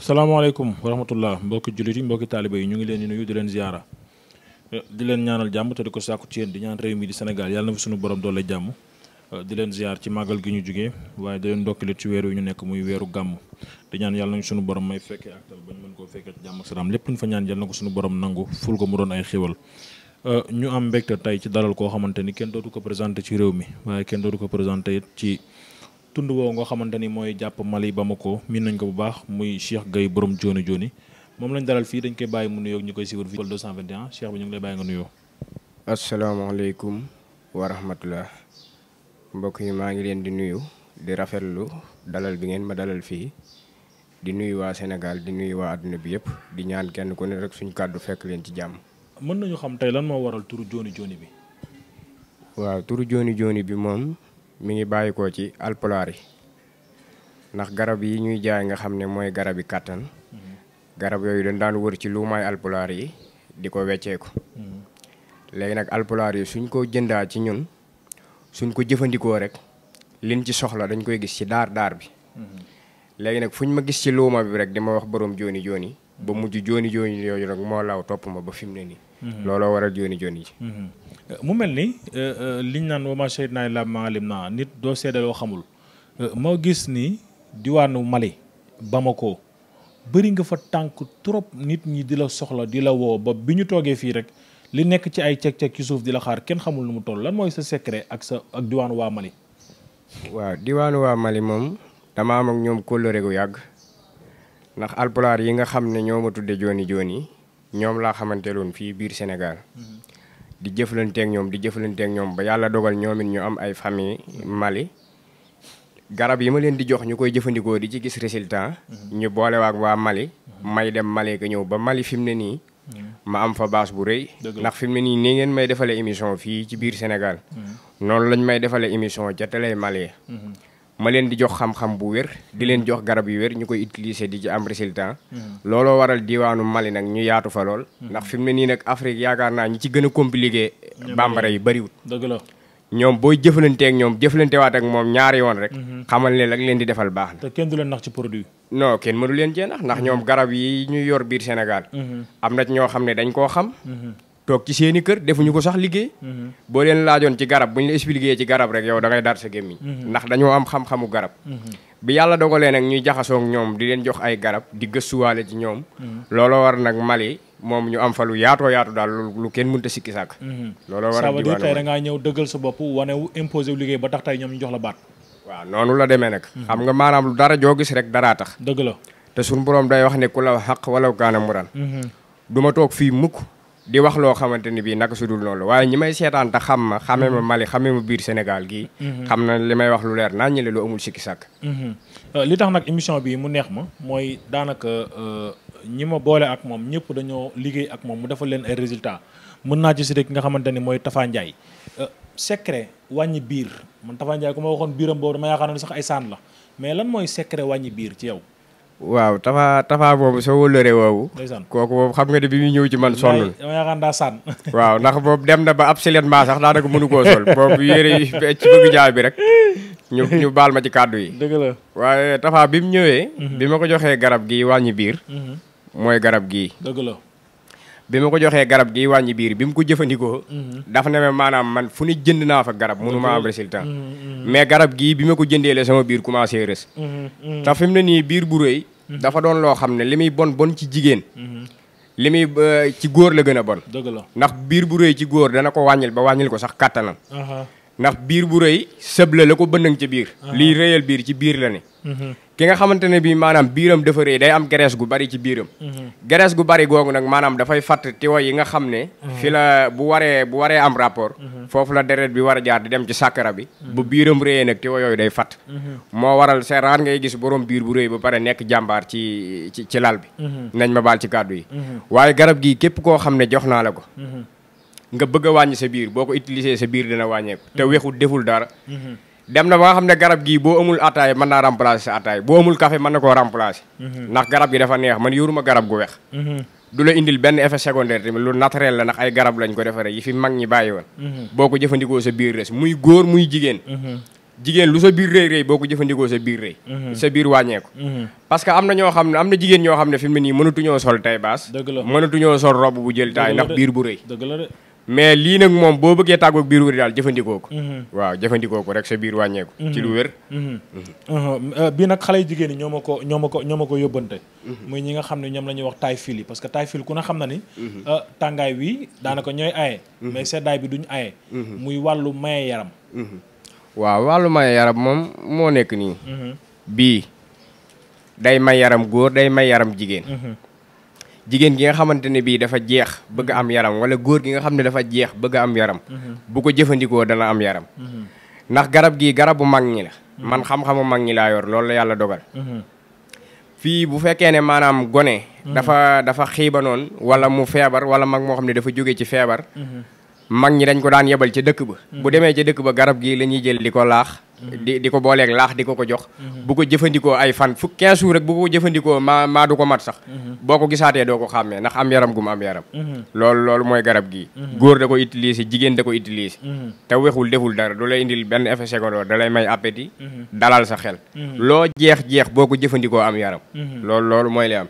salaamaaleykum wa rahmatullah mbokki jullit yi mbokki taaliba yi ñu ngi leen di nuyu di leen ziara di leen ñaanal jàmm te di ko sàkku ci di ñaan réew mi di senegal yàlla na fi suñu borom doole jàmm di leen ziar ci màggal gi ñu jógee waaye di leen ndokkale ci weer wi ñu nekk muy weeru gàmm di ñaan yàlla nañu suñu borom may fekkee ak ba ñu mën koo fekkee jàmm ak salaam lépp luñ fa ñaan yàlla na ko suñu borom nangu ful ko mu doon ay xéwal ñu am mbégte tey ci dalal koo xamante ni kenn dootu ko présenté ci réew mi kenn dootu ko présenté it ci tund woo nga xamante ni mooy jàpp Mali Bamako miin nañ ko bu baax muy Cheikh Gueye borom jooni jooni moom lañ dalal fii dañ koy bàyyi mu nuyoo ñu koy suivre fii. 221 Cheikh bi ñu ngi wa rahmatullah mbokk yi maa ngi leen di nuyu di rafetlu dalal bi ngeen ma dalal fii. di nuyu waa senegal di nuyu waa àdduna bi yëpp di ñaan kenn ku ne rek suñu kàddu fekk leen ci jàmm. mën nañu xam tey lan moo waral turu jooni jooni bi. waaw turu jooni jooni bi moom mi ngi bàyyikoo ci alpulaar yi ndax garab yi ñuy jaay nga xam ne mooy garabi kàttan garab yooyu dañ daan wër ci luumaay alpulaar yi di ko wecceeku léegi nag alpulaar yi suñ ko jëndaa ci ñun suñ ko jëfandikoo rek liñ ci soxla dañ koy gis ci daar daar bi léegi nag fuñ ma gis ci luuma bi rek di ma wax borom jooni jooni ba mujj jooni jooni yooyu rek moo law topp ma ba fi mu ne nii mm-hmm. looloo waral jooni jooni ji mm-hmm. mu mel ni euh, euh, liñ naan wa ma shahidnaa illaa bimaa alimnaa nit doo seedaloo xamul euh, moo gis ni diwaanu Mali ko bëri nga fa tànk trop nit ñi di la soxla di la woo ba bi ñu toogee fii rek li nekk ci ay ceg-ceg ci suuf di la xaar kenn xamul nu mu toll lan mooy sa secret ak sa ak diwaanu waa Mali. waaw diwaanu waa Mali moom dama am ak ñoom kóllëre gu yàgg ndax alpulaar yi nga xam ne ñoo ma tudde jooni jooni ñoom laa xamante xamanteloon fii biir Sénégal. Mm-hmm. di jëflanteeg ñoom di jëflanteeg ñoom ba yàlla dogal ñoom it ñu am ay famille Mali garab yi ma leen di jox ñu koy jëfandikoo di ci gis résultat. Mhm. ñu boole waa Mali. may dem Mali ka ñëw ba Mali fi mu ne nii. Mhm. ma am fa baas bu rëy. ndax fi mu ne nii nii ngeen may defalee émission fii ci biir Sénégal. Mhm. noonu lañ may defalee émission ca télé Mali. ma leen di jox xam-xam bu wér di leen jox garab yi wér ñu koy utiliser di ci am résultat hmm. looloo waral diwaanu Mali nag ñu yaatu fa lool hmm. ndax fi mu ne nii nag Afrique yaakaar naa ñu ci gën a compliqué bambara yi bëriwut dëgg la ñoom booy jëflante ak ñoom jëflante waat ak moom ñaari yoon rek hmm. xamal ne lag leen di defal baax na te kenn du leen nax ci produit non kenn mënu leen cee nax ndax ñoom garab yi ñu yor biir Sénégal am na ñoo xam ne dañ koo xam toog ci seeni kër defuñu ko sax liggéey. Mhm. boo leen laajoon ci garab bu ñu la expliqué ci garab rek yow da ngay dar sa gémmiñ. Mhm. ndax dañoo am xam-xamu garab. Mhm. bi yàlla dogalee nag ñuy jaxasoo ñoom di leen jox ay garab di gëstuwaale ci ñoom. looloo war nag Mali moom ñu am fa lu yaatoo yaatu daal lu kenn mënta sikki sàkk. looloo war a jiwaale tey da ngaa sa bopp wane wu imposé wu ba tax tey ñoom ñu jox la baat. waaw noonu la demee nag. xam nga maanaam lu dara joo gis rek daraa tax. dëgg la te suñu borom day wax ne ku la xaq wala kaana muran. ma toog di wax loo xamante ni bii naka su dul noonu la waaye ñi may seetaan te xam ma xamee ma mhm. Mali xamee ma biir Sénégal gii. Mhm. xam na li may wax lu leer naan ñu ne lu amul sikki sàkk. Mhm. Euh, li tax nag émission bii mu neex ma mooy daanaka euh, ñi ma boole ak moom ñëpp dañoo liggéey ak moom mu defal leen ay résultats mën naa ci si rek nga xamante ni mooy Tafa Ndiaye. Euh, secret wàññi biir man Tafa Ndiaye ku ma waxoon biiram boobu dama yaakaar ne sax ay saan la mais lan mooy secret wàññi biir ci yow. waaw tafa tafa boobu soo wëllëree woowu. kooku boobu xam nga ne bi muy ñëw ci man. sonnul dama yaakaar daa sànn. waaw ndax boobu dem na ba ab silen maa sax daanaka mënu koo sol boobu yére yi ci bëgg jaay bi rek ñu ñu baal ma ci kàddu yi. dëgg la waaye tafa bi mu ñëwee. Mhm. bi ma ko joxee garab gi wàññi biir. Mhm. mooy garab gii. dëgg la. bi ma ko joxee garab gi wàññi biir bi mu ko jëfandikoo mhm. dafa ne maanaam man fu ni jënd naa fa garab mënuma mhm. am résultat mhm, mais garab gii bi ma ko jëndee la sama biir commencé rës te fi mu ne nii biir bu rëy dafa doon loo xam ne li muy bon bon ci jigéen li muy ci góor la gën a bon dëgg la ndax biir bu rëy ci góor dana ko wàññil ba wàññil ko sax kàttanam ndax biir bu rëy sëb la la ko bënnang ci biir liy rëyal biir ci biir la ne ki nga xamante ne bii maanaam biiram dafa rëy day am graisse gu bari ci biiram. Mhm. graisse gu bari googu nag maanaam dafay fatt tiwo yi nga xam ne. Mhm. fi la bu waree bu waree am rapport. Mhm. foofu la deret bi war a jaar di dem ci sàkkara bi. bu biiram rëyee nag tiwo yooyu day fatt. moo waral c'est rare ngay gis borom biir bu rëy ba pare nekk jàmbaar ci ci ci lal bi. nañ ma baal ci kàddu yi. waaye garab gi képp koo xam ne jox naa la ko. nga bëgg a wàññi sa biir boo ko utiliser sa biir dina wàññeeku. te wexul deful dem na ba nga xam ne garab gii boo amul ataay mën naa remplacer sa ataay boo amul café mën na koo remplacer. Mhm. ndax garab gi dafa neex man yoruma garab gu weex. Mhm. du la indil benn effet secondaire tamit lu naturel la ndax ay garab lañ ko defaree yi fi mag ñi bàyyi woon. Mhm. boo ko jëfandikoo sa biir res lu sa biir rëy rëy boo ko jëfandikoo sa biir sa biir wàññeeku. parce que am na ñoo xam ne am na jigéen ñoo xam ne fi mu ne nii mënatuñoo sol tay baas. dëgg sol robe bu jël taay ndax biir bu rëy. mais lii nag moom boo bëggee tàggoog biir wér daal jëfandikoo mhm. waaw jëfandikoo ko rek sa biir wàññeeku. Mhm. ci lu wér. Mhm. Euh, bii nag xale yu jigéen ñi ñoo ma ko ñoo ma ko ñooma ma ko yóbbante. muy ñi nga xam ne ñoom la ñuy wax taay fil yi parce que taay fil ku ne xam na ni. Euh, tàngaay wi daanaka ñooy aye. may seddaay bi duñ aye. muy wàllu maye yaram. waaw wàllu maye yaram moom moo nekk nii. bii day may yaram góor day may yaram jigéen. jigéen gi nga xamante ne bii dafa jeex bëgg am yaram wala góor gi nga xam ne dafa jeex bëgg am yaram mhm. bu ko jëfandikoo dana am yaram mhm. ndax garab gi garabu mag ñi la mhm. man xam-xamu mag ñi la yor lool la yàlla dogal fii bu fekkee ne maanaam gone dafa dafa xiiba noonu wala mu feebar wala mag moo xam ne dafa jóge ci feebar mag ñi dañ ko daan yebal ca dëkk ba bu demee ca dëkk ba garab gi la jël di ko laax Mm-hmm. di di ko booleeg laax di ko ko jox mm-hmm. bu ko jëfandikoo ay fan fukk 15 jours rek bu ko jëfandikoo maa maa du ko mat sax mm-hmm. boo ko gisaatee doo ko xàmmee ndax am da ko utiliser jigéen da ko utiliser te wexul deful dara du lay da lay may appétit dalal sa xel loo jeex-jeex boo ko jëfandikoo am yaram loolu loolu mooy li am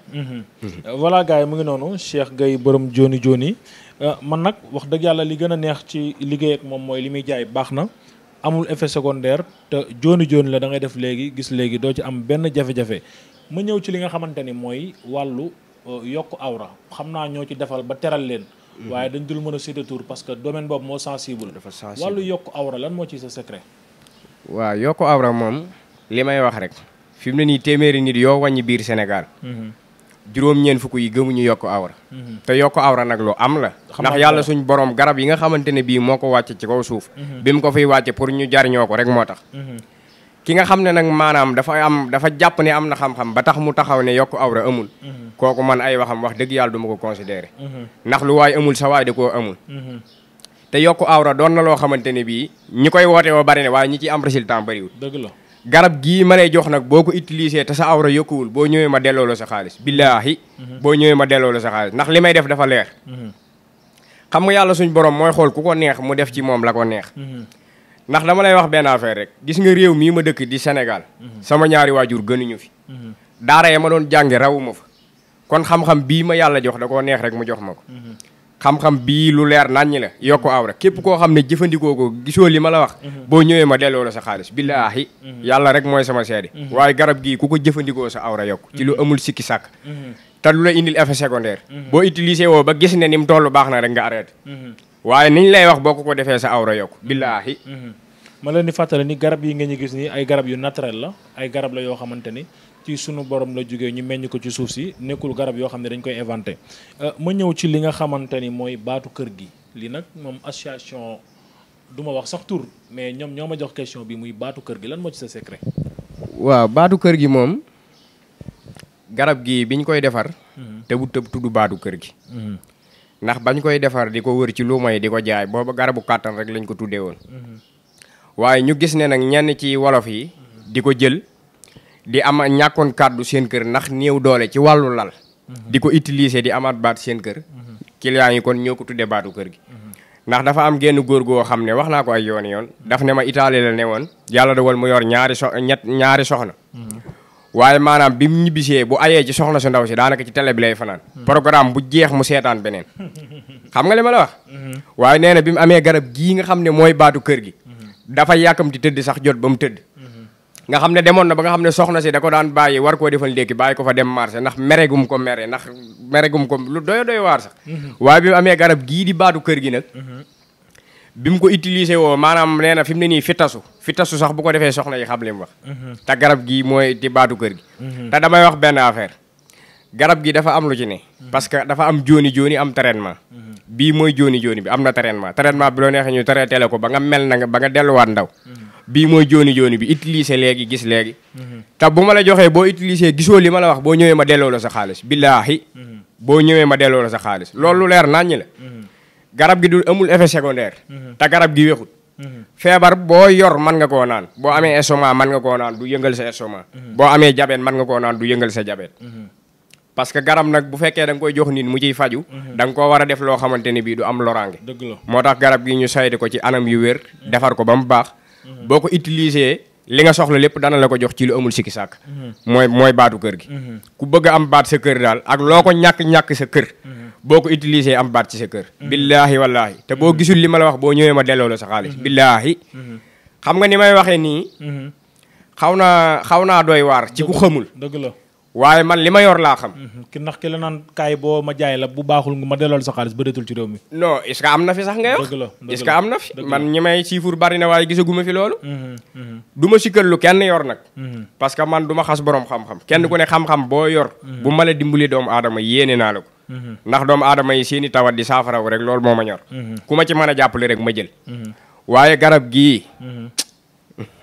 voilà gars yi mu ngi noonu Cheikh Gaye borom jooni jooni euh, man nag wax dëgg yàlla li gën a neex ci liggéey ak moom mooy li muy jaay baax na amul effet secondaire te jooni jooni la da ngay def léegi gis léegi doo ci am benn jafe-jafe ma ñëw ci li nga xamante ni mooy wàllu euh, yokk awra xam naa ñoo ci defal ba teral leen. Mm-hmm. waaye dañ dul mën a citer tour parce que domaine boobu moo sensible. dafa sensible wàllu yokk awra lan moo ci sa secret. waaw yokk awra moom li may wax rek fi mu ne nii téeméeri nit yoo wàññi biir Sénégal. Mm-hmm. juróom-ñeen fukk yi gëmuñu yokk awra mhm. te yokk ra nag lu am la ndax yàlla suñ borom garab yi nga xamante ne bii moo ko wàcce ci kaw suuf mhm. bi mu ko fiy wàcce pour ñu jariñoo ko rek moo tax mhm. ki nga xam ne nag maanaam dafa am dafa jàpp ne am na xam-xam ba tax mu taxaw ne yokk ra amul kooku man ay waxam wax dëgg yàlla du ma ko considéré ndax lu waay amul sa waay koo amul te yokk awra doon na loo xamante ne bii ñi koy woote woo bari ne waaye ciy am résultat bariwul dëgg la garab gii ma lay jox nag boo ko utilisé te sa awra yokkuwul boo ñëwee ma delloo la sa xaalis billaahi mhm. boo ñëwee ma delloo la sa xaalis ndax li may def dafa leer mhm. xam nga yàlla suñ borom mooy xool ku ko neex mu def ci moom la ko neex mhm. ndax dama lay wax benn affaire rek gis nga réew mii ma dëkk di Sénégal sama ñaari waajur gënuñu fi daara ya ma doon jàngi rawuma fa kon xam-xam bii ma yàlla jox da koo neex rek mu jox ma ko xam-xam bii lu leer naññi la yokku aw rek képp koo xam ne jëfandikoo ko gisoo li ma la wax mhm. boo ñëwee ma delloo la sa xaalis billaahi mhm. yàlla rek mooy sama seede mhm. waaye garab gii ku ko jëfandikoo sa awra yokk ci lu amul sikki sàkk te lu la indil effet secondaire boo utilisé woo ba gis ne ni mu toll baax na rek nga arrêté waaye niñ lay wax boo ko ko defee sa awra yokk billaahi ma la ni fàttali ni garab yi nga ñu gis nii ay garab yu naturel la ay garab la yoo xamante ni ci sunu borom la jógee ñu meññ ko ci nekkul garab yoo xam ne dañ koy euh, ma ñëw ci li nga xamante ni mooy baatu kër gi li nag moom association du ma wax sax tur mais ñoom ñoo ma jox question bi muy baatu kër gi lan moo ci sa secret. waaw baatu kër gi moom garab gi biñ koy defar. Mhm. tëbu tëb tudd baatu kër gi. Mhm. ndax bañ koy defar di ko wër ci luuma yi di ko jaay booba garabu kàttan rek lañ ko tuddee woon. Mhm. waaye ñu gis ne nag ñenn ci wolof yi. di ko jël di a ñàkkoon kàddu seen kër ndax néew doole ci wàllu lal di ko utiliser di amaat baat seen kër clients yi kon ñoo ko tuddee baatu kër gi ndax dafa am génn góor goo xam ne wax naa ko ay yoon yoon daf ne ma Italie la ne woon yàlla dogal mu yor ñaari so ñett ñaari soxna waaye maanaam bi mu ñibbisee bu ayee ci soxna su ndaw si daanaka ci télé bi lay fanaan programme bu jeex mu seetaan beneen xam nga li ma la wax waaye nee na bi mu amee garab gii nga xam ne mooy baatu kër gi dafa yàkkamti tëdd sax jot ba mu nga xam ne demoon na ba nga xam ne soxna si da ko daan bàyyi war koo defal ndékki bàyyi ko fa dem marché ndax meregum ko mere ndax meregum ko lu doyo doy waar sax mhm. waaye bi mu amee garab gii di baatu kër gi nag mhm. bi mu ko utilisé woo maanaam nee na fi mu ne nii fitasu fitasu sax bu ko defee soxna yi xam leen wax mhm. te garab gii mooy di kër gi te damay wax benn affaire garab gi dafa am lu ci ne parce que dafa am jooni jooni am traitement bii mooy jooni jooni bi am na traitement traitement bi loo neexee ñu traité la ko ba nga mel na nga ba nga delluwaat ndaw bii mooy jooni jooni bi utiliser léegi gis léegi mhm. te bu ma la joxee boo utiliser gisoo li ma la wax boo ñëwee ma delloo la sa xaalis billaahi mhm. boo ñëwee ma delloo la sa xaalis loolu leer naññ la mhm. garab gi du amul effet secondaire te garab gi wéxut feebar boo yor man nga koo naan boo amee estomac man nga koo naan du yëngal sa estomac boo amee jabet man nga koo naan du yëngal sa jabet parce que garab nag bu fekkee da koy jox nit mu ciy faju da nga koo war def loo xamante ni bii du am loraange moo tax garab gi ñu ko ci anam yu wér ko ba mu baax Mhm. boo ko utiliser li nga soxla lépp dana la ko jox ci lu amul sikki sàkk mhm. mooy mooy baatu kër gi mhm. ku bëgg am baat sa kër daal ak loo ko ñàkk-ñàkk sa kër boo ko utilisé am baat ci sa kër billaahi wallaahi te boo gisul li ma la wax boo ñëwee ma delloo la sa xaalis billaahi xam nga ni may waxee nii xaw naa xaw naa dooy waar ci ku xamul la waaye man li ma yor laa xam. Mhm. ki ndax ki la naan kaay boo ma jaay la bu baaxul nga ma dellool sa xaalis bëreetul ci réew mi. non est-ce que am na fi sax nga wax. dëgg la am na fi man ñi may siifur bari na waaye gisaguma fi loolu. Mhm, mhm. du ma sikkal lu kenn yor nag. parce que man du ma xas borom xam-xam kenn ku ne xam-xam boo yor. bu ma la dimbali doomu aadama yéene naa la ko. ndax doom aadama yi seeni tawat di saafaraw rek loolu moo ma ñor. ku ma ci man a jàppale rek ma jël.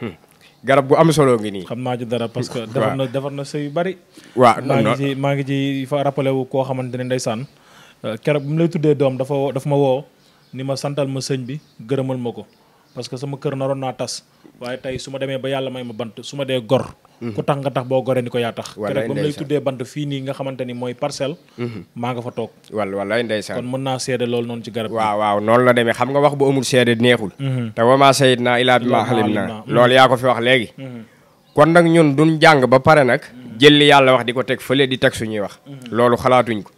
garab gu am solo ngi nii. xam naa ci dara parce que. defar na defar na sëy yu bari. waaw maa ngi ci maa ngi ci fa rappelé wu koo xamante ne ndeysaan euh, keroog bi mu lay tuddee doom dafa dafa ma woo ni ma santal ma sëñ bi gërëmal ma ko parce que sama kër naroon naa tas. waaye tey su ma demee ba yàlla may ma bant su ma dee gor mhm. ku tax nga tax boo goree ni ko yaa tax keroog ba mu lay tuddee bant fii nii nga xamante ni mooy parcelle mhm. maa nga fa toog wal wallaay ndeysaan kon mën naa seede loolu noonu ci garab waaw waaw noonu la demee xam nga wax bu amul seede neexul mhm. te wama sayit naa ilaa bi maa xalim naa loolu yaa ko fi wax léegi kon nag ñun du jàng ba pare nag jëlli yàlla wax di ko teg fële di teg suñuy wax loolu xalaatuñ ko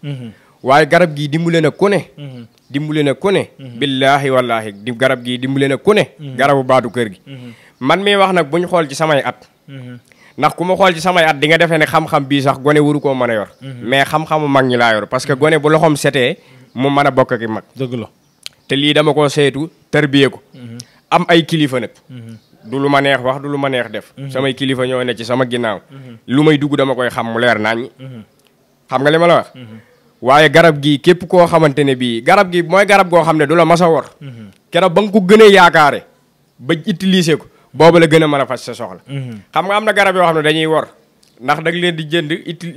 waaye garab gii dimbale na ku ne. Mhm. dimbale na ku ne. Mhm. billaahi wallaahi di garab gii dimbale na ku ne. Mhm. garabu baatu kër gi. man mii wax nag bu ñu xool ci samay at. ndax ku ma xool ci samay at di nga defee ne xam-xam bii sax gone waru koo mën a yor. mais xam-xamu mag ñi laa yor parce que gone bu loxoom setee mu mën a bokk gi mag. dëgg la te lii dama koo saytu tarbiyee ko. am ay kilifa nag. du lu ma neex wax du lu ma neex def. samay kilifa ñoo ne ci sama ginnaaw. lu may dugg dama koy xam mu leer naññ. nga li waaye garab gii képp koo xamante ne bii garab gii mooy garab goo xam ne du la mas a wor keroog ba nga ko gën a yaakaare ba utiliser ko boobu la gën a mën a faj sa soxla xam nga am na garab yoo xam ne dañuy wor ndax da leen di jënd uti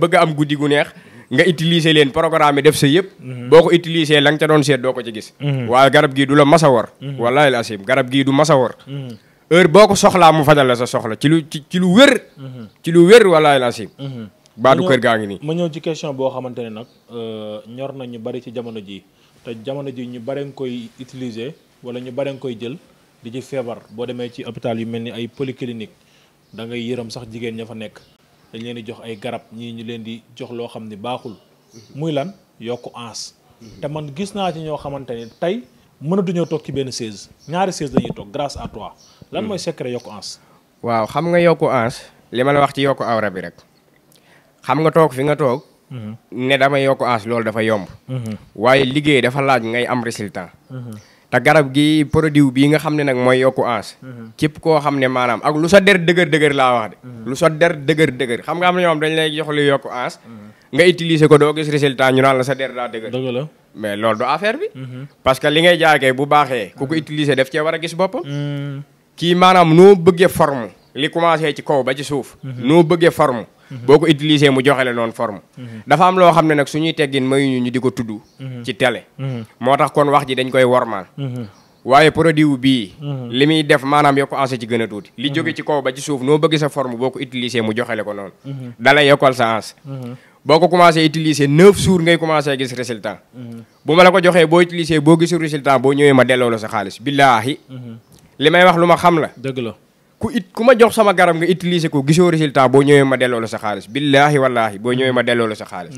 bëgg am guddi gu neex nga utiliser leen programme yi def sa yëpp boo ko utiliser la nga ca doon seet doo ko ci gis waaye garab gii du la mas a wor wallaahi laasim garab gii du mas a wor heure boo ko soxlaa mu fajal la sa soxla ci lu ci lu wér ci lu wér wallaahi baatu kër gaa ma ñëw ci question boo xamante ne nag euh, ñor na ñu bari ci jamono ji te jamono ji ñu bari nga koy utiliser wala ñu bari nga koy jël di ci feebar boo demee ci hôpital yu mel ni ay polyclinique da ngay yërëm sax jigéen ña fa nekk dañ leen di jox ay garab ñii ñu leen di jox loo xam ni baaxul mhm. muy lan yokku ans mhm. te man gis naa ci ñoo xamante ni tey mënatuñoo toog ci benn chaise ñaari chaise dañuy toog grâce à toi lan mhm. mooy secret yokku ans waaw xam nga yokku ans li ma la wax ci yokku awra bi rek xam nga toog fi nga toog. Mhm. ne dama yokk ans loolu dafa yomb. Mhm. waaye liggéey dafa laaj ngay am résultant mhm. te garab gi produit bii nga xam ne nag mooy yokku ans. képp koo xam ne maanaam ak lu sa der dëgër dëgër laa wax lu sa der dëgër dëgër xam nga am na ñoom dañ lay jox lu nga utiliser ko doo gis résultat ñu naan la sa der daa dëgër. dëgg la mais loolu du affaire bi. parce que li ngay jaakee bu baaxee. ku ko utiliser daf cee war a gis boppam. kii maanaam noo bëggee forme li commencé ci kaw ba ci suuf. noo bëggee forme boo ko utiliser mu joxe la noonu forme dafa am loo xam ne nag suñuy teggin mayuñu ñu ñu di ko tudd ci télé moo tax kon wax ji dañ koy wormaal waaye produit bii li muy def maanaam yokku anse ci gën a tuuti li jóge ci kaw ba ci suuf noo bëgg sa forme boo ko utiliser mu joxele ko noonu dalay yokkal sa anse boo ko commencé utiliser neuf jours ngay commencé gis résultat bu ma la ko joxee boo utiliser boo gisul résultat boo ñëwee ma delloo la sa xaalis billaahi li may wax lu ma xam la dëgg la ku it ku ma jox sama garab nga utiliser ko gisoo résultat boo ñëwee ma delloo la sa xaalis billaahi wallaahi boo ñëwee ma delloo la sa xaalis.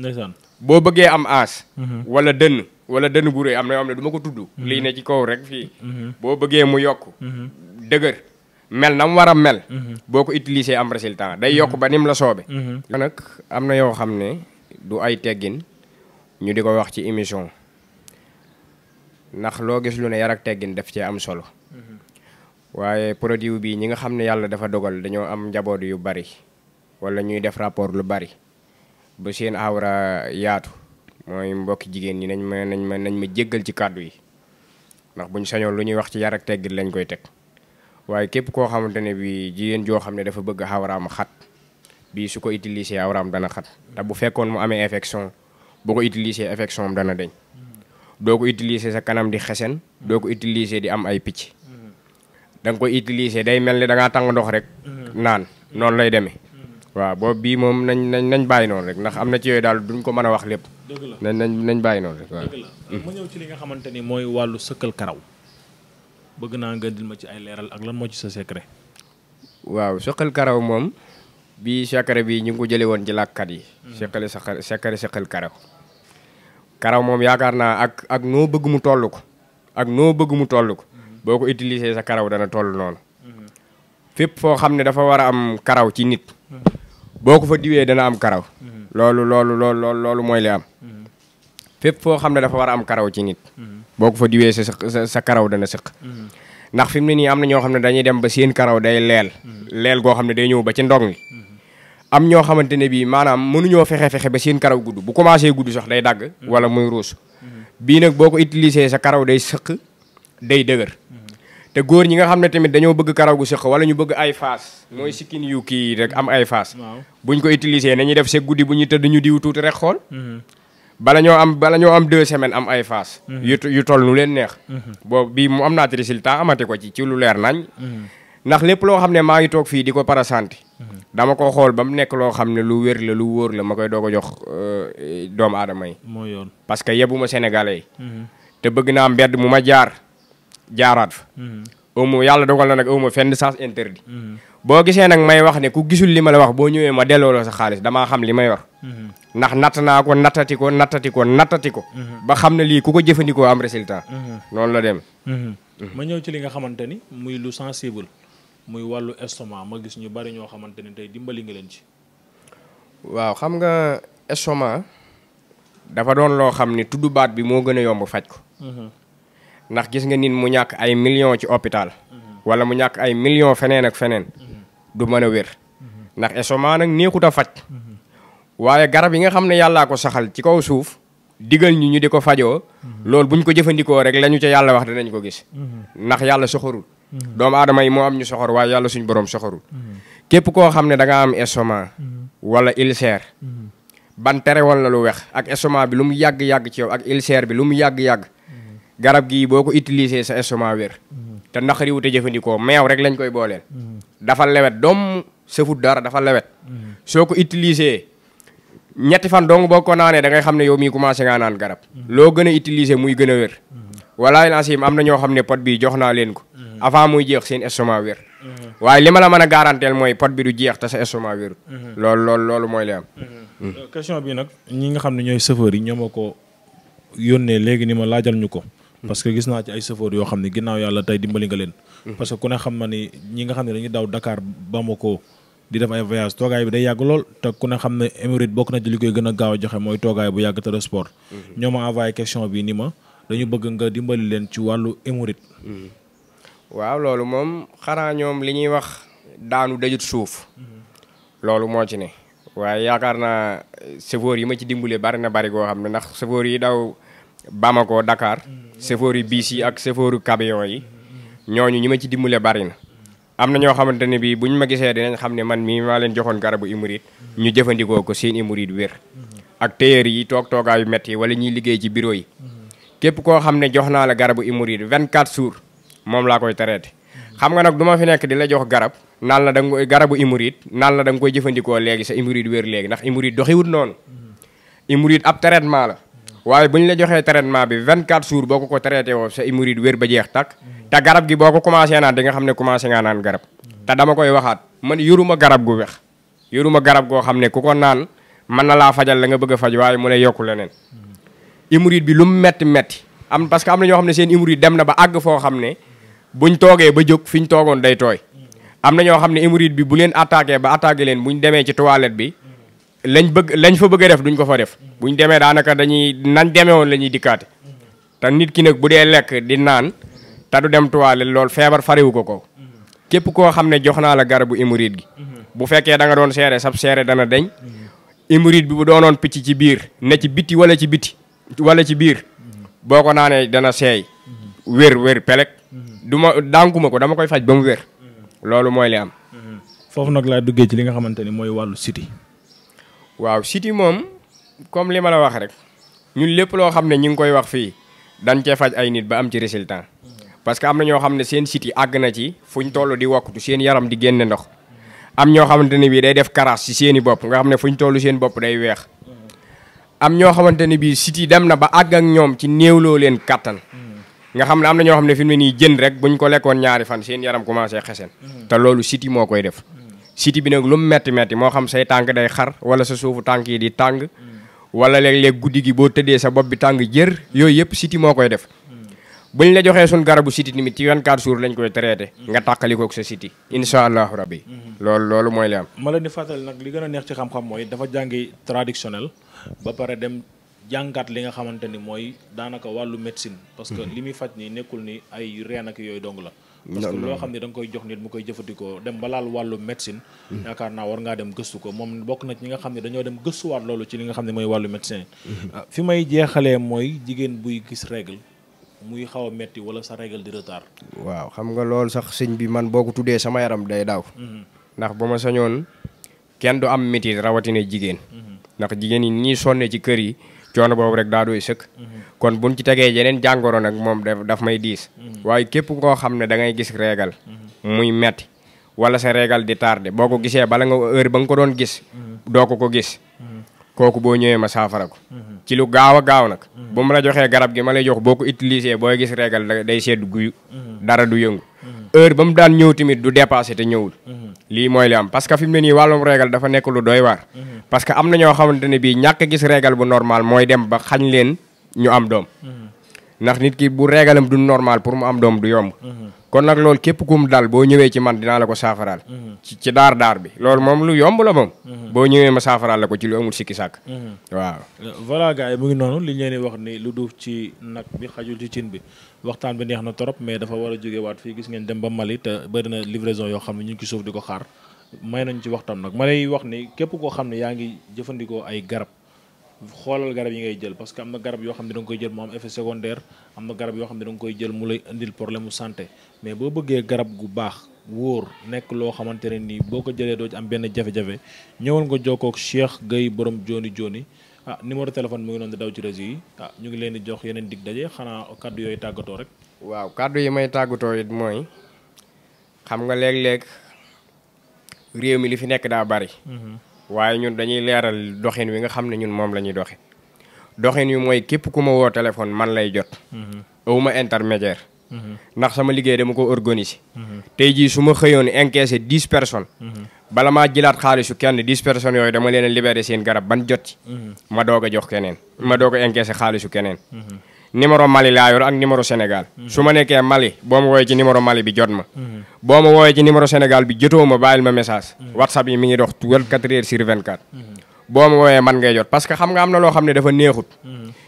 boo bëggee am aas. Mhm. wala dënn wala dënn bu rëy am na yoo xam ne du ko tudd. Mhm. lii ne ci kaw rek fii. Mhm. boo bëggee mu yokk. dëgër mel na mu war a mel. boo ko utiliser am résultat day yokk ba ni mu la soobee. nag am na yoo xam ne du ay teggin ñu di ko wax ci émission ndax loo gis lu ne yar teggin def cee am solo. waaye produit bii ñi nga xam ne yàlla dafa dogal dañoo am njaboot yu bari wala ñuy def rapport lu bari ba seen awra yaatu mooy mbokki jigéen ñi nañ ma nañ ma nañ ma jéggal ci kàddu yi ndax buñ sañoon lu ñuy wax ci yar ak teggin lañ koy teg waaye képp koo xamante ne bi jigéen joo xam ne dafa bëgg awraam xat bii su ko utiliser awraam dana xat te bu fekkoon mu amee infection bu ko utiliser infection am dana deñ hmm. doo ko utiliser sa kanam di xesen doo ko utiliser di am ay picc danga ko koy utiliser day mel ni da ngaa tàng ndox rek mm-hmm. naan noonu lay demee mm-hmm. waaw boobu bii moom nañ nañ nañ bàyyi noon rek ndax am na ci yooyu daal duñ ko mën a wax lépp nañ nañ bàyyi noonu rek waaw mm-hmm. li nga xamante ni mooy wàllu sëkkal karaw bëgg naa nga dil ma ci ay leeral ak lan moo ci sa secret waaw sëkkal karaw moom bii secret bii ñu ngi ko jële woon ci làkkat yi sëkkali sëkkal secret sëkkal karaw karaw moom yaakaar naa ak ak noo bëgg mu toll ko ak noo bëgg mu toll ko boo ko utiliser sa karaw dana toll noonu fépp foo xam ne dafa war a am karaw ci nit boo ko fa diwee dana am karaw loolu loolu loolu loolu loolu mooy li am fépp foo xam ne dafa war a am karaw ci nit boo ko fa diwee sa sa sa karaw dana sëq ndax fi mu ne nii am na ñoo xam ne dañuy dem ba seen karaw day leel leel goo xam ne ñëw ba ci ndong li am ñoo xamante ne bii maanaam mënuñoo fexe-fexe ba seen karaw gudd bu commencé gudd sax day dagg wala muy ruus bii nag boo ko utiliser sa karaw day sëq day dëgër te góor ñi nga xam ne tamit dañoo bëgg karaw gu sëq wala ñu bëgg ay faas mooy sikkin yu kii rek am ay faas buñ ko utiliser nañuy def see guddi bu ñuy tëdd ñu diw tuuti rek xool mhm. bala ñoo am bala ñoo am deux semaines am ay faas mhm. yu yu toll nu leen neex mhm. boo bii mu am naa naat résultat amati ko ci ci lu leer nañ ndax lépp loo xam ne maa ngi toog fii di ko parasanti dama ko xool ba mu nekk loo xam ne lu wér la lu wóor la ma koy doog ko jox euh, doomu aadama yi parce que yebuma sénégalais yi te bëgg naa mbedd mu ma jaar jaaraat fa. Mhm. amoo yàlla dogal na nag amoo fenn sens interdit. Mhm. boo gisee nag may wax ne ku gisul li ma la wax boo ñëwee ma delloo la sa xaalis dama xam li ma yor. Mhm. ndax natt naa ko nattati ko nattati ko ba xam ne lii ku ko jëfandikoo am résultat. noonu la dem. ma ñëw ci li nga xamante ni muy lu sensible muy wàllu estomac ma gis ñu bari ñoo xamante ni tey dimbali nga leen ci. waaw xam nga estomac dafa doon loo xam ni tudd baat bi moo gën a yomb faj ko. ndax gis nga nit mu ñàkk ay millions ci hôpital wala mu ñàkk ay millions feneen ak feneen du mën a wér ndax estomac nag neexut a faj waaye garab yi nga xam ne yàllaa ko saxal ci kaw suuf digal ñi ñu di ko fajoo loolu buñ ko jëfandikoo rek la ñu ca yàlla wax danañ ko gis ndax yàlla soxorul doomu aadama yi moo am ñu soxor waaye yàlla suñ borom soxorul képp koo xam ne da nga am estomac wala ulcère ban terewal la lu wex ak estomac bi lu mu yàgg-yàgg ci yow ak ulcère bi lu mu yàgg-yàgg garab gii boo ko utiliser sa estomac wér mm-hmm. te naqariwu te jëfandikoo meew rek lañ koy booleel mm-hmm. dafa lewet doom sëfut dara dafa lewet mm-hmm. soo ko utiliser ñetti fan dong boo ko naanee da ngay xam ne yow mii commencé nga naan garab loo gën a utiliser muy gën a wér walaay lancim am na ñoo xam ne pot bi jox naa leen ko avant muy jeex seen estomac wér waaye li ma la mën a garanteel mooy pot bi du jeex te sa estomac wérut loolu loolu mooy li am mm. euh, question bi nag ñi nga xam n ñooy chauffeur yi ñoo ko yónnee léegi ni ma laajal ñu ko parce que gis naa ci ay chauffeur yoo xam ne ginnaaw yàlla tey dimbali nga leen. Mm-hmm. parce que ku ne xam na ni ñi nga xam ne dañuy daw Dakar ko di def ay voyage toogaay bi day yàgg lool te ku ne xam ne émirate bokk na ci li koy gën a gaaw a joxe mooy toogaay bu yàgg transport. Mm-hmm. ñoo ma envoyé question bi ni ma dañu bëgg nga dimbali leen ci wàllu émirate. Mm-hmm. waaw loolu moom xanaa ñoom li ñuy wax daanu dajut suuf. loolu moo ci ne. waaye yaakaar naa chauffeur yi ma ci dimbale bari na bari goo xam Bamako Dakar sëfooru biis yi ak sëfooru camion yi ñooñu ñi ma ci dimbale bari na am na ñoo xamante ne bii bu ñu ma gisee dinañ xam ne man mii maa leen joxoon garabu imurit ñu jëfandikoo ko seen imurit wér ak téyeer yi toog toogaayu métti wala ñuy liggéey ci bureau yi képp koo xam ne jox naa la garabu vingt 24 jours moom laa koy traité xam nga nag du ma fi nekk di la jox garab naan la da nga garabu imurit naan la da koy jëfandikoo léegi sa imurit wér léegi ndax imurit doxiwut noonu imurit ab traitement la waaye bu ñu la joxee traitement bi 24 jours boo ko ko traité woo sa hémorroïde wér ba jeex tàkk te garab gi boo ko commencé naan di nga xam ne commencé nga naan garab te dama koy waxaat man yoruma garab gu wex yoruma garab goo xam ne ku ko naan mën na laa fajal la nga bëgg faj waaye mu ne yokku leneen hémorroïde bi lu mu metti metti am parce que am na ñoo xam ne seen hémorroïde dem na ba àgg foo xam ne buñ toogee ba jóg fi ñu toogoon day tooy am na ñoo xam ne hémorroïde bi bu leen attaqué ba attaqué leen buñ demee ci toilette bi lañ bëgg lañ fa bëgg a def duñ ko fa def buñ demee daanaka dañuy nañ demee woon la ñuy dikkaate te nit ki nag bu dee lekk di naan te du dem tuwaale lool feebar fariwu ko ko képp koo xam ne jox naa la garabu hémorroïde gi bu fekkee da nga doon seere sab seere dana deñ hémorroïde bi bu doonoon picc ci biir na ci biti wala ci biti wala ci biir boo ko naanee dana seey wér wér pelek du ma dànkuma ko dama koy faj ba mu wér loolu mooy li am foofu nag laa duggee ci li nga xamante ni mooy wàllu siti waaw Siteu moom comme li ma la wax rek ñun lépp loo xam ne ñu ngi koy wax fii dañ cee faj ay nit ba am ci résultant parce que am na ñoo xam ne seen Siteu àgg na ci fuñ toll di wokkutu seen yaram di génne ndox am ñoo xamante ne bii day def karaas ci seen i bopp nga xam ne fuñ tollu seen bopp day weex am ñoo xamante ne bii Siteu dem na ba àgg ak ñoom ci néewloo leen kattan. nga xam ne am na ñoo xam ne fi mu nii jën rek buñ ko lekkoon ñaari fan seen yaram commencé xesen mm-hmm. te loolu Siteu moo koy def. siti bi nag lu mu metti metti moo xam say tànk day xar wala sa suufu tànk yi di tàng wala léeg-léeg guddi gi boo tëddee sa bopp bi tàng jër yooyu yëpp siti moo koy def buñ la joxee suñ garabu siti tamit ci 24 jours lañ koy traité nga tàqalikook sa siti insha allahu rabbi mhm. loolu loolu mooy li am ma leen di fàttali nag li gën a neex ci xam-xam mooy dafa jàngi traditionnel ba pare dem jàngaat li nga xamante ni mooy daanaka wàllu médecine parce que mhm. li muy faj nii nekkul ni ay reen ak yooyu dong la parce que loo xam ne da koy jox nit mu koy jëfandikoo dem ba laal wàllu médecine mm. yaakaar naa war ngaa dem gëstu ko moom bokk na ci ñi nga xam ne dañoo dem gëstuwaat loolu ci li nga xam ne mooy wàllu médecine mm-hmm. ah, fi may jeexalee mooy jigéen buy gis règle muy xaw a metti wala sa règle di retard waaw xam nga lool sax sëñ bi man boo ko tuddee sama yaram day daaw mm-hmm. ndax ba ma sañoon kenn du am métit rawatina jigéen mm-hmm. ndax jigéen yi nii sonne ci kër yi coono boobu rek daa doy kon bu buñ ci tegee jeneen jàngoro nag moom dafa may diis mm-hmm. waaye képp koo xam ne da ngay gis régal mm-hmm. muy metti wala sa régal di tardé boo ko gisee bala nga heure ba nga ko doon gis mm-hmm. doo ko ko gis kooku boo ñëwee ma saafara ko ci lu gaaw a gaaw nag bu ma la joxee garab gi ma lay jox boo ko utilisé booy gis régal day sedd guyu dara du yëngu heure ba mu daan ñëw tamit du dépassé te ñëwul lii mooy li am parce que fi mu ne nii wàllum régal dafa nekk lu doy waar que am na ñoo xamante ne bii ñàkk gis régal bu normal mooy dem ba xañ leen ñu am doom ndax nit ki bu régalam du normal pour mu am doom du yomb kon nag loolu képp kum dal boo ñëwee ci man dinaa la ko saafaraal ci ci daar daar bi lool moom lu yomb la moom boo ñëwee ma saafaraal la ko ci lu amul sikki sàkk waaw voilà gars mu ngi noonu li ñu leen wax ni lu duuf ci nag bi xajul ci cin bi waxtaan bi neex na trop mais dafa war a jóge waat fii gis ngeen dem ba Mali te bëri na livraison yoo xam ne ñu ngi ci suuf di ko xaar may nañ ci waxtaan nag ma wax ni képp koo xam ne yaa ngi jëfandikoo ay garab xoolal garab yi ngay jël parce que am na garab yoo xam ne da nga koy jël mu am effet na koy jël mu lay indil problème santé mais boo bëggee garab gu baax wóor nekk loo xamante ne nii boo ko jëlee doo ci am benn jafe-jafe ñëwal nga jokkoog Cheikh gay borom jooni jooni ah numéro téléphone mu ngi noonu di daw ci réseau yi ah ñu ngi leen di jox yeneen dig daje xanaa kaddu yooyu tàggatoo rek. waaw kaddu yi may tàggatoo it mooy xam nga léeg-léeg réew mi li fi nekk daa bari. Mm-hmm. waaye ñun dañuy leeral doxin wi nga xam ne ñun moom la ñuy doxe doxin wi mooy képp ku ma woo téléphone man lay jot mm-hmm. awuma intermédiaire mm-hmm. ndax sama liggéey dama ko organiser mm-hmm. tey jii su ma xëyoon encaissé dix personnes bala maa jëlaat xaalisu kenn dix personnes yooyu dama leen a libéré seen garab ban jot ci ma doog jox keneen ma doog a xaalisu keneen numéro Mali laa yor ak numéro Sénégal. Mhm. su ma nekkee Mali boo ma woowee ci numéro Mali bi jot ma. Mhm. boo ma woowee ci numéro Sénégal bi jotoo ma bàyyil ma message. Mhm. WhatsApp yi mi ngi dox 24 heures sur 24. boo ma woowee man ngay jot parce que xam nga am na loo xam ne dafa neexut.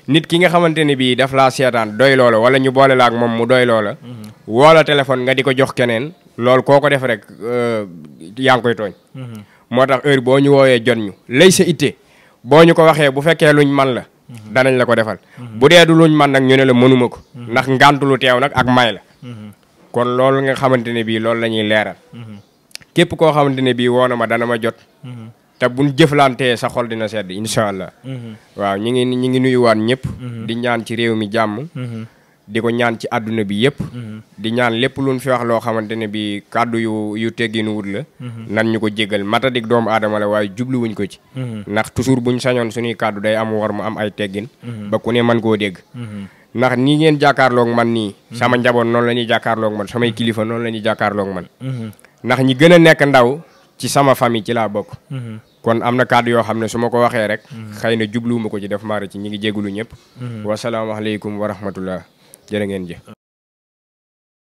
nit ki nga xamante ne bii daf laa seetaan doy loola wala ñu boole la ak moom mu doy loola. woo la téléphone nga di ko jox keneen loolu koo ko def rek euh, yaa ngi koy tooñ. moo tax heure boo ñu woowee jot ñu lay sa itte boo ñu ko waxee bu fekkee luñ man la. Mhm. danañ la ko defal mhm. bu dee du luñ man nag ñu ne la mënuma ko mhm. ndax ngàntu lu teew nag ak may la kon loolu nga xamante bii loolu la ñuy leeral képp koo xamante ne bii woona ma dana ma jot te buñ jëflantee sa xol dina sedd incha allah waaw ñi ngi ñi ngi nuyuwaan ñëpp di ñaan ci réew mi jàmm di ko ñaan ci àdduna bi yëpp. Mm-hmm. di ñaan lépp luñ fi wax loo xamante ne bi kàddu yu yu tegginu wut la. Mm-hmm. nan ñu ko jégal matadik doomu aadama la waaye jubluwuñ ko ci. Mm-hmm. ndax toujours buñ sañoon suñuy kàddu day am war mu am ay teggin. ba ku ne mën koo dégg. ndax nii ngeen jàkkaarloog man nii. sama la ñuy jàkkaarloog man samay ñi gën a nekk ndaw ci sama famille ci laa bokk. kon am na kàddu yoo xam ne su ma ko waxee rek. xëy na jubluwuma ko ci def maara ci ñi ngi jégalu ñëpp. wasalaamaaleykum wa rahmatullah. jërë ngeen jëf